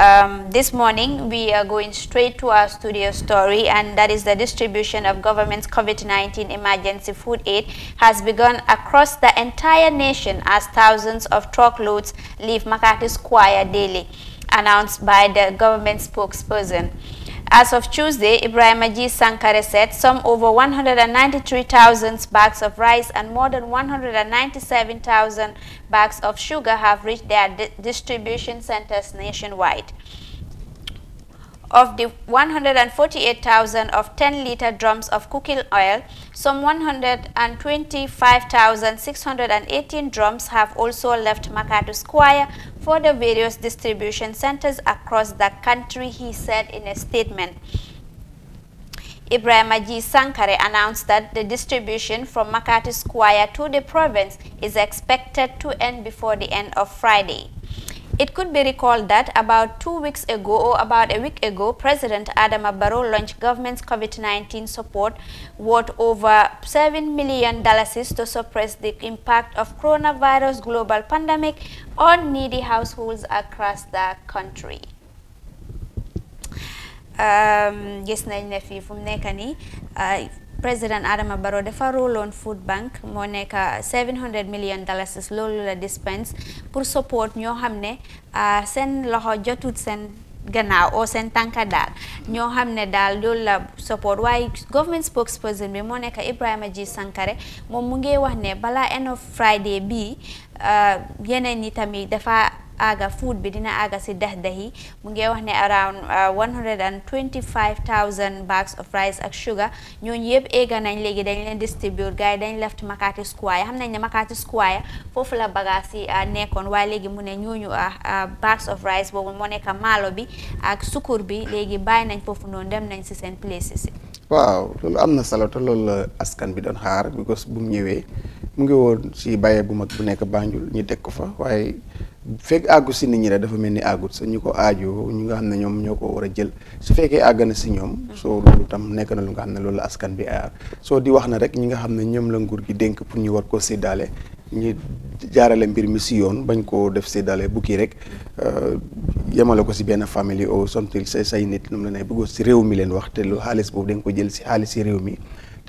Um, this morning we are going straight to our studio story and that is the distribution of government's COVID-19 emergency food aid has begun across the entire nation as thousands of truckloads leave Makati Square daily, announced by the government spokesperson. As of Tuesday, Ibrahim Aji Sankare said some over 193,000 bags of rice and more than 197,000 bags of sugar have reached their di distribution centers nationwide. Of the 148,000 of 10-liter drums of cooking oil, some 125,618 drums have also left Makati Square for the various distribution centers across the country, he said in a statement. Ibrahim Aji Sankare announced that the distribution from Makati Square to the province is expected to end before the end of Friday. It could be recalled that about two weeks ago or about a week ago, President Adama Barrow launched government's COVID-19 support worth over $7 million to suppress the impact of coronavirus global pandemic on needy households across the country. gis nañ ne fii fu président Adama Barrow dafa rooloon food bank moo nekk million dollars loolu la dispense pour support ñoo xam ne ah, seen loxo jotut seen ganaaw o seen tànka daal ñoo xam ne daal loolu la support waaye government spokesperson bi moo nekk Ibrahima G Sankare moom mu ngi wax ne balaa end Friday bii ah, yeneen yi tamit aga food bi dina aga si dahdahi mu ngi wax ne around 125000 uh, bags of rice ak sugar ñooñu yëpp eega nañ léegi dañ leen distribute gars yi dañ left Makati Square xam nañ ne Makati Square foofu la bagaas yi uh, nekkoon waaye léegi mu ne ñooñu uh, bags of rice boobu moo nekk maalo bi ak sukur bi léegi bàyyi nañ foofu noonu dem nañ si seen places yi waaw loolu am na solo te loolu la askan bi doon xaar because bu mu ñëwee mu ngi woon si bàyyee bu mag bu nekk Banjul ñu teg ko fa waaye fekk àggu si nit ñi rek dafa mel ni àggut sa ñu ko aajoo ñu nga xam ne ñoom ñoo ko war a jël su fekkee àgg na si ñoom soo tam nekk na lu nga xam ne loolu la askan bi aar soo di wax na rek ñi nga xam ne ñoom la nguur gi dénk pour ñu war koo séddaale ñu jaarale mbir mi si yoon bañ koo def séddaale bu kii rek euh, yemale ko si benn famille o something say say nit ñoom la ne bëggoo si réew mi leen wax te lu xaalis boobu dañ ko jël si xaalis si réew mi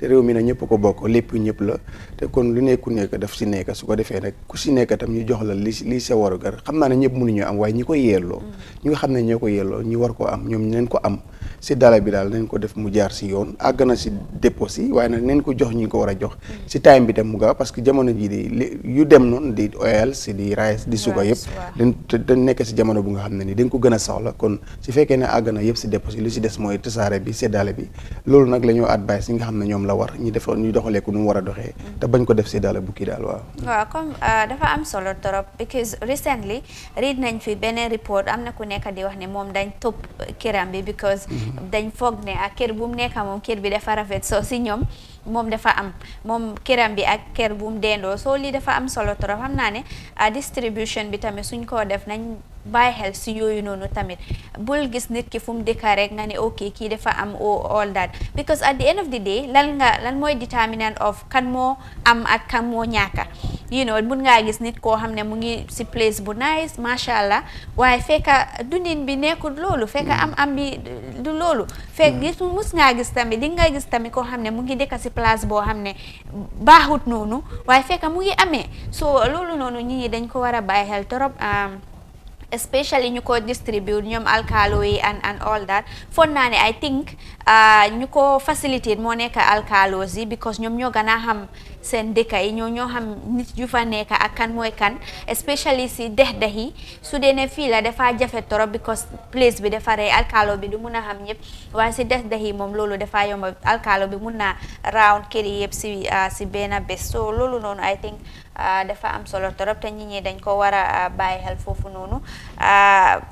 te réew mi na ñëpp ko bokk lépp ñëpp la te kon lu nekku nekk daf si nekk su ko defee nag ku si nekk tam ñu jox la li lii sa warugar xam naa ne ñëpp mënuñu am waaye ñi ko yelloo mm. ñi nga xam ne ñoo ko yelloo ñu war ko am ñoom leen ko am si dala bi dal nañ ko def mu jaar ci yoon àgg ci dépôt ci waaye nag nañ ko jox ñi ko wara jox ci mm. time bi dem mu ga parce que jamono ji di yu dem non di oil ci di rice di suga yépp dañ dañ nekk ci jamono bu nga xamné ni dañ ko gëna soxla kon ci féké né àgg yépp ci dépôt ci li ci dess moy tassaré bi séddale bi loolu nak lañu advice yi nga xamné ñom la war ñi def ñu doxalé ko ñu wara doxé mm. té bañ ko def séddale bu ki dal waaw waaw comme euh, dafa am solo torop because recently read nañ fi benen report am ku nekk di wax né mom dañ top kéram bi because mm-hmm. dañ foog ne ak kër bu mu nekk moom kër bi dafa rafet soo si ñoom moom dafa am moom këram bi ak kër bu mu dendoo soo lii dafa am solo trop xam naa ne ah, distribution bi tamit suñ koo def nañ bàyyi xel si yooyu noonu tamit bul gis nit ki fu mu dëkka rek nga ne ok kii dafa am all that because at the end of the day lan nga lan mooy determinant of kan moo am ak kan moo ñaaka you know mun ngaa gis nit koo xam ne mu ngi si place bu nice macha allah waaye fekka dundin bi nekkul loolu fekk am mm. am bi du loolu fekk mm. gis mus ngaa gis tamit di nga gis tamit koo xam ne mu ngi dëkk si place boo xam ne baaxut noonu waaye fekk mu ngi amee soo loolu noonu ñi dañ ko war a bàyyi xel torop especially ñu ko distribute ñoom alkalo yi and and all that foog naa ne I think uh, ñu ko facilitate moo nekk alkalos yi because ñoom ñoo gën a xam seen dëkk yi ñoo ñoo xam nit yu fa ak kan mooy kan especially si dex-dex yi su dee ne fii la dafa jafe trop because place bi dafa rey bi du mun a xam ñëpp waaye si dex-dex yi moom loolu dafa yomba alkalo bi mun na round kër yi yëpp si uh, si benn bés so loolu noonu I think uh, dafa am solo trop te nit ñi dañ ko war a bàyyi xel foofu noonu 啊。